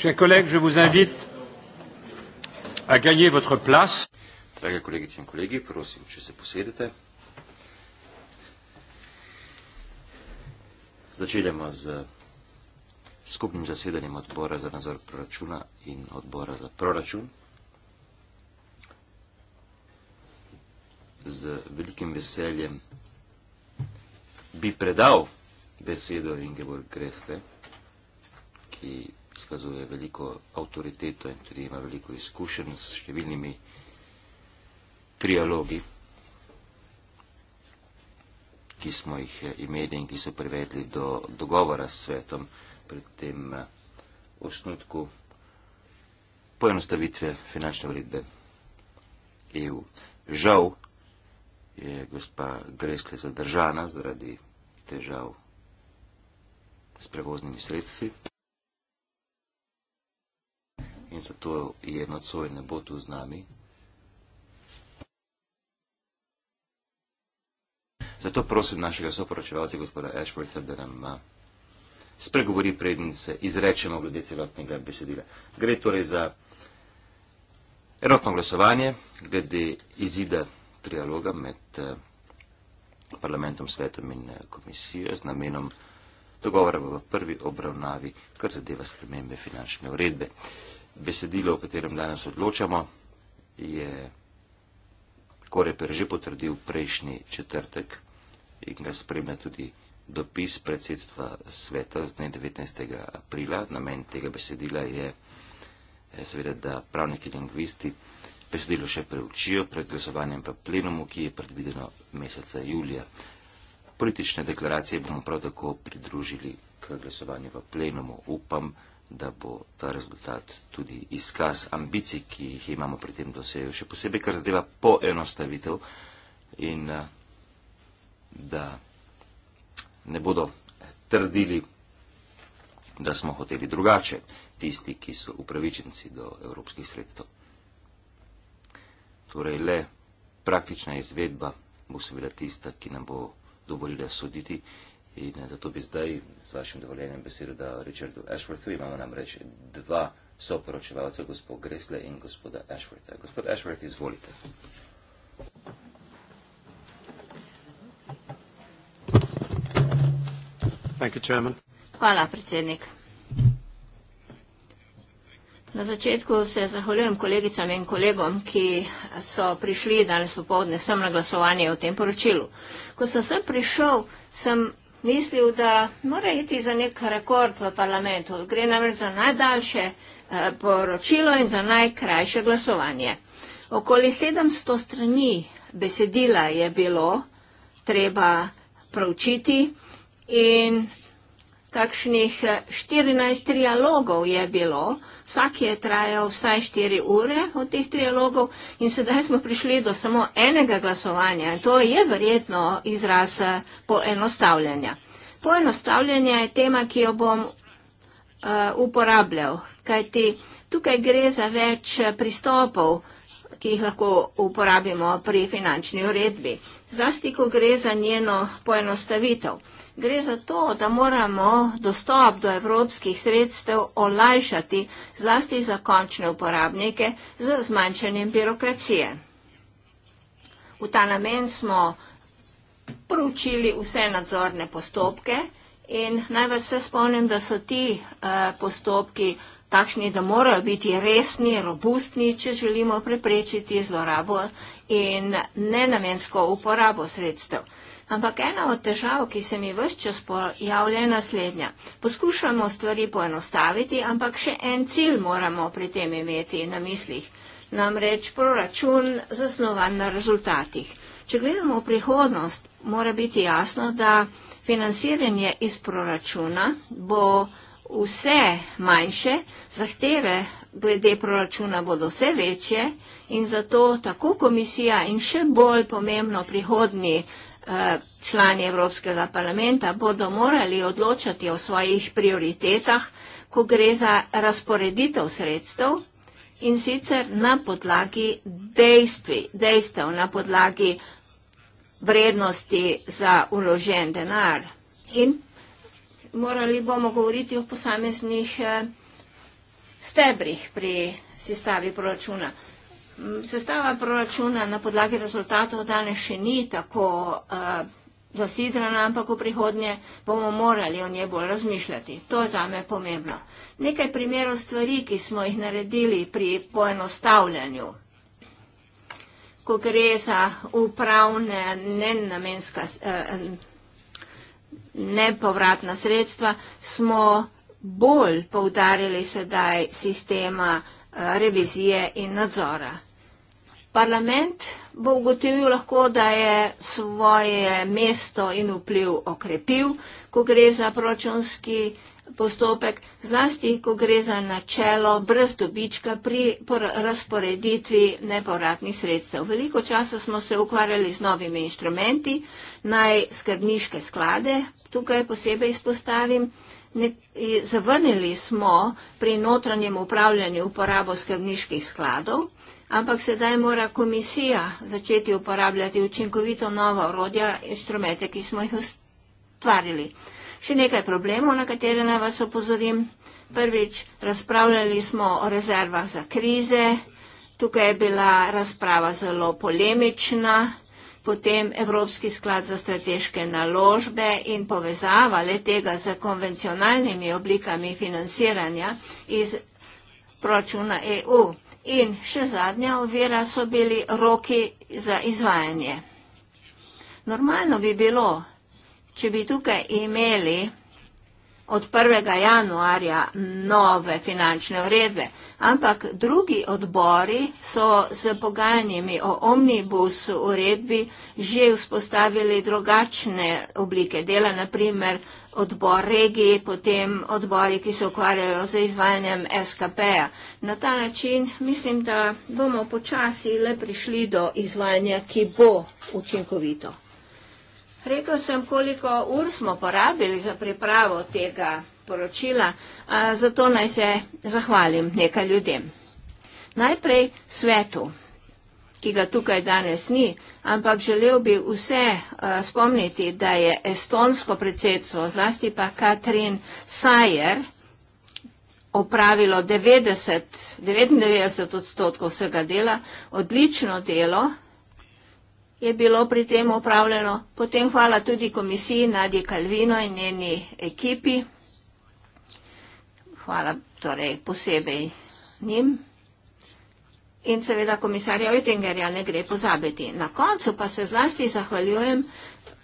Chers collègues, je vous invite à gagner votre place. Drage kolegice in kolegi, prosim, če se posedete. Začeljamo z skupnim zasedanjem odbora za nazor proračuna in odbora za proračun. Z velikim veseljem bi predal besedo Ingeborg Grefle, ki izkazuje veliko avtoriteto in tudi ima veliko izkušenj s številnimi trialogi, ki smo jih eh, imeli in ki so privedli do dogovora s svetom pred tem eh, osnutku poenostavitve finančne vrede EU. Žal je gospa Gresle zadržana zaradi težav s prevoznimi sredstvi in zato je nocoj ne bo tu z nami. Zato prosim našega soporočevalca, gospoda Ashworth, da nam spregovori prednice, izrečemo glede celotnega besedila. Gre torej za enotno glasovanje glede izida trialoga med parlamentom, svetom in komisijo z namenom dogovora v prvi obravnavi, kar zadeva spremembe finančne uredbe. Uh, besedilo, o katerem danes odločamo, je Koreper že potrdil prejšnji četrtek in ga spremlja tudi dopis predsedstva sveta z dne 19. aprila. Namen tega besedila je, je seveda, da pravniki lingvisti besedilo še preučijo pred glasovanjem v plenumu, ki je predvideno meseca julija. Politične deklaracije bomo prav tako pridružili k glasovanju v plenumu. Upam, da bo ta rezultat tudi izkaz ambicij, ki jih imamo pri tem dosegu, še posebej, kar zadeva poenostavitev in eh, da ne bodo trdili, da smo hoteli drugače tisti, ki so upravičenci do evropskih sredstev. Torej, le praktična izvedba bo seveda tista, ki nam bo dovolila soditi In zato bi zdaj, z vašim dovoljenjem, besedo dal Richardu Ashworthu. Imamo namreč dva soporočevalca, gospod Gresle in gospoda Ashwortha. Gospod Ashworth, izvolite. Hvala, predsednik. Na začetku se zahvaljujem kolegicam in kolegom, ki so prišli danes popovdne sem na glasovanje o tem poročilu. Ko sem sem prišel, sem mislil, da mora iti za nek rekord v parlamentu. Gre namreč za najdaljše eh, poročilo in za najkrajše glasovanje. Okoli 700 strani besedila je bilo treba pravčiti in Takšnih 14 eh, trialogov je bilo, vsak je trajal vsaj 4 ure od teh trialogov in sedaj smo prišli do samo enega glasovanja. To je verjetno izraz eh, poenostavljanja. Poenostavljanje je tema, ki jo bom uh, uporabljal, kajti tukaj gre za več pristopov. Uh, ki jih lahko uporabimo pri finančni uredbi. Zlasti, ko gre za njeno poenostavitev. Gre za to, da moramo dostop do evropskih sredstev olajšati zlasti za končne uporabnike z zmanjšanjem birokracije. V ta namen smo proučili vse nadzorne postopke in naj vas se spomnim, da so ti eh, postopki takšni, da morajo biti resni, robustni, če želimo preprečiti zlorabo in nenamensko uporabo sredstev. Ampak ena od težav, ki se mi vse čas pojavlja, je naslednja. Poskušamo stvari poenostaviti, ampak še en cilj moramo pri tem imeti na mislih. Namreč proračun zasnovan na rezultatih. Če gledamo v prihodnost, mora biti jasno, da financiranje iz proračuna bo vse manjše, zahteve glede proračuna bodo vse večje in zato tako komisija in še bolj pomembno prihodni eh, člani Evropskega parlamenta bodo morali odločati o svojih prioritetah, ko gre za razporeditev sredstev in sicer na podlagi dejstvi, dejstev, na podlagi vrednosti za uložen denar. In morali bomo govoriti o posameznih eh, stebrih pri sestavi proračuna. Sestava proračuna na podlagi rezultatov danes še ni tako eh, zasidrana, ampak v prihodnje bomo morali o nje bolj razmišljati. To je zame pomembno. Nekaj primerov stvari, ki smo jih naredili pri poenostavljanju, ko gre za upravne nenamenska eh, nepovratna sredstva, smo bolj povdarjali sedaj sistema eh, revizije in nadzora. Parlament bo ugotovil lahko, da je svoje mesto in vpliv okrepil, ko gre za proračunski postopek, zlasti, ko gre za načelo brez dobička pri razporeditvi nepovratnih sredstev. Veliko časa smo se ukvarjali z novimi inštrumenti, naj skrbniške sklade, tukaj posebej izpostavim, ne, zavrnili smo pri notranjem upravljanju uporabo skrbniških skladov, ampak sedaj mora komisija začeti uporabljati učinkovito nova orodja, inštrumente, ki smo jih ustvarili še nekaj problemov, na katere naj vas opozorim. Prvič, razpravljali smo o rezervah za krize, tukaj je bila razprava zelo polemična, potem Evropski sklad za strateške naložbe in povezava le tega z konvencionalnimi oblikami financiranja iz proračuna EU. In še zadnja ovira so bili roki za izvajanje. Normalno bi bilo, če bi tukaj imeli od 1. januarja nove finančne uredbe. Ampak drugi odbori so z pogajanjimi o omnibus uredbi že vzpostavili drugačne oblike dela, naprimer odbor regije, potem odbori, ki se ukvarjajo z izvajanjem SKP-ja. Na ta način mislim, da bomo počasi le prišli do izvajanja, ki bo učinkovito. Rekel sem, koliko ur smo porabili za pripravo tega poročila, zato naj se zahvalim nekaj ljudem. Najprej svetu, ki ga tukaj danes ni, ampak želel bi vse spomniti, da je estonsko predsedstvo, zlasti pa Katrin Sajer, opravilo 90, 99 odstotkov vsega dela, odlično delo, je bilo pri tem upravljeno. Potem hvala tudi komisiji Nadje Kalvino in njeni ekipi. Hvala torej posebej njim in seveda komisarja Oettingerja ne gre pozabiti. Na koncu pa se zlasti zahvaljujem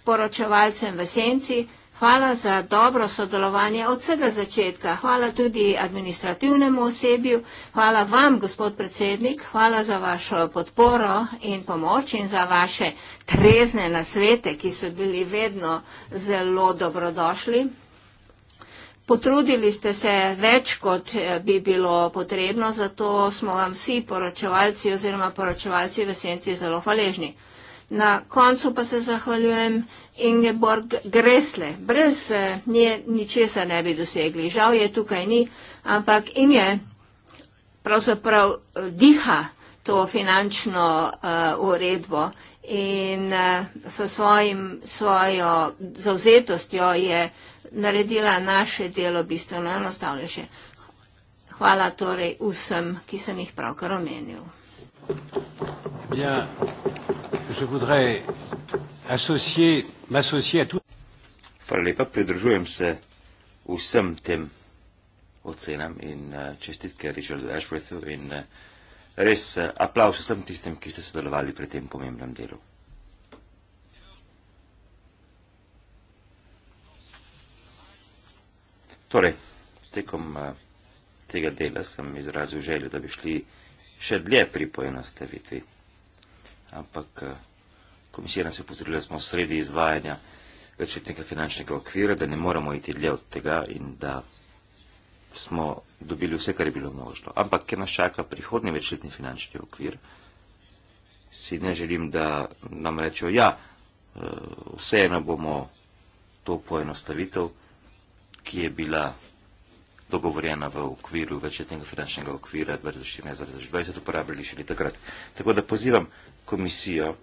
poročevalcem v senci. Hvala za dobro sodelovanje od vsega začetka. Hvala tudi administrativnemu osebju. Hvala vam, gospod predsednik. Hvala za vašo podporo in pomoč in za vaše trezne nasvete, ki so bili vedno zelo dobrodošli. Potrudili ste se več, kot eh, bi bilo potrebno, zato smo vam vsi poročevalci oziroma poročevalci v senci zelo hvaležni. Na koncu pa se zahvaljujem Ingeborg Gresle. Brez eh, nje ničesar ne bi dosegli. Žal je tukaj ni, ampak in je pravzaprav eh, diha to finančno uh, uredbo in uh, s svojim, svojo zauzetostjo je naredila naše delo bistveno enostavnejše. Hvala torej vsem, ki sem jih pravkar omenil. Bien, je voudrais associer, m'associer à tout. Hvala lepa, pridružujem se vsem tem ocenam in uh, čestitke Richardu Ashworthu in uh, Res eh, aplavz vsem tistem, ki ste sodelovali pri tem pomembnem delu. Torej, tekom eh, tega dela sem izrazil željo, da bi šli še dlje pri poenostavitvi. Ampak eh, komisija nas je potrebila, da smo sredi izvajanja večletnega finančnega okvira, da ne moramo iti dlje od tega in da smo dobili vse, kar je bilo možno. Ampak, ker nas čaka prihodni večletni finančni okvir, si ne želim, da nam rečejo, ja, eh, vseeno bomo to poenostavitev, ki je bila dogovorjena v okviru večletnega finančnega okvira 2014-2020, uporabljali še leta krat. Tako da pozivam komisijo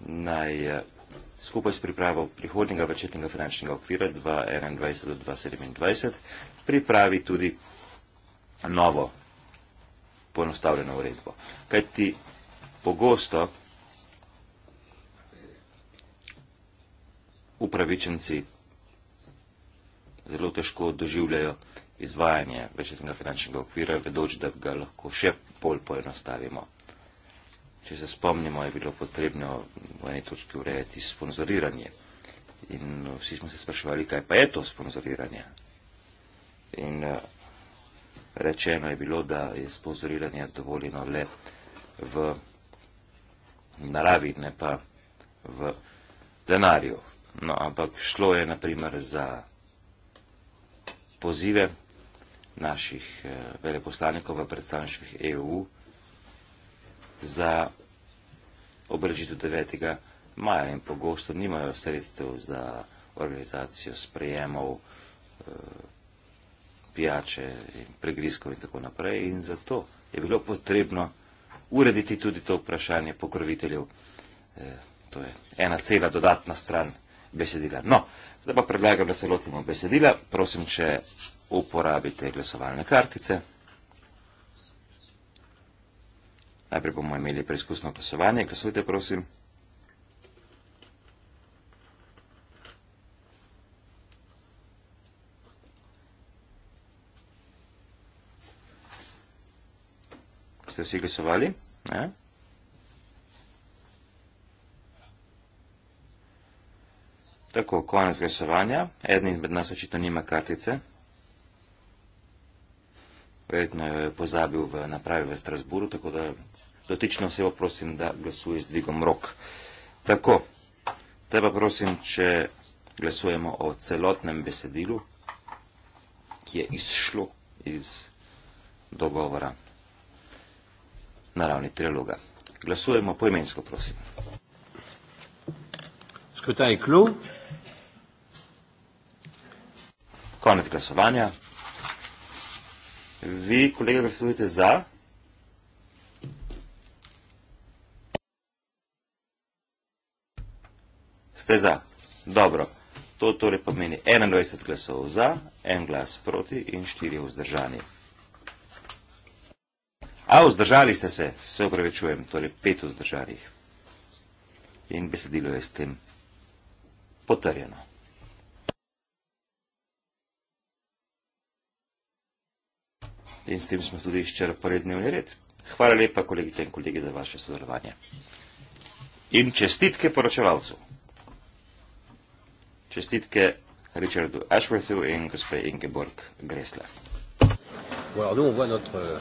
naj. Uh, skupaj s pripravo prihodnjega večetnega finančnega okvira 2021-2027 pripravi tudi novo ponostavljeno uredbo. Kaj ti pogosto upravičenci zelo težko doživljajo izvajanje večetnega finančnega okvira, vedoč, da ga lahko še bolj poenostavimo. Če se spomnimo, je bilo potrebno v eni točki urejati sponzoriranje. In eh, vsi smo se spraševali, kaj pa je to sponzoriranje. In eh, rečeno je bilo, da je sponzoriranje dovoljeno le v naravi, ne pa v denarju. No, ampak šlo je naprimer za pozive naših eh, veleposlanikov v predstavništvih EU, za obrežitev 9. maja in pogosto nimajo sredstev za organizacijo sprejemov, eh, pijače in pregriskov in tako naprej. In zato je bilo potrebno urediti tudi to vprašanje pokroviteljev. Eh, to je ena cela dodatna stran besedila. No, zdaj pa predlagam, da se lotimo besedila. Prosim, če uporabite glasovalne kartice. Najprej bomo imeli preizkusno glasovanje. Glasujte, prosim. Ste vsi glasovali? Ja. Tako, konec glasovanja. Edni med nas očitno nima kartice. Verjetno je pozabil v napravi v Strasburu, tako da dotično osebo prosim, da glasuje z dvigom rok. Tako, treba prosim, če glasujemo o celotnem besedilu, ki je izšlo iz dogovora na ravni triloga. Glasujemo poimensko, prosim. Skutaj klub. Konec glasovanja. Vi, kolega, glasujete za. ste za. Dobro, to torej pomeni 21 glasov za, en glas proti in štiri vzdržani. A, vzdržali ste se, se upravičujem, torej pet vzdržanih. In besedilo je s tem potrjeno. In s tem smo tudi izčrpali dnevni red. Hvala lepa, kolegice in kolegi, za vaše sodelovanje. In čestitke poročevalcu. Čestitke Richardu Ashworthu in gospe Ingeborg Gresle. Well, nous, on voit notre euh,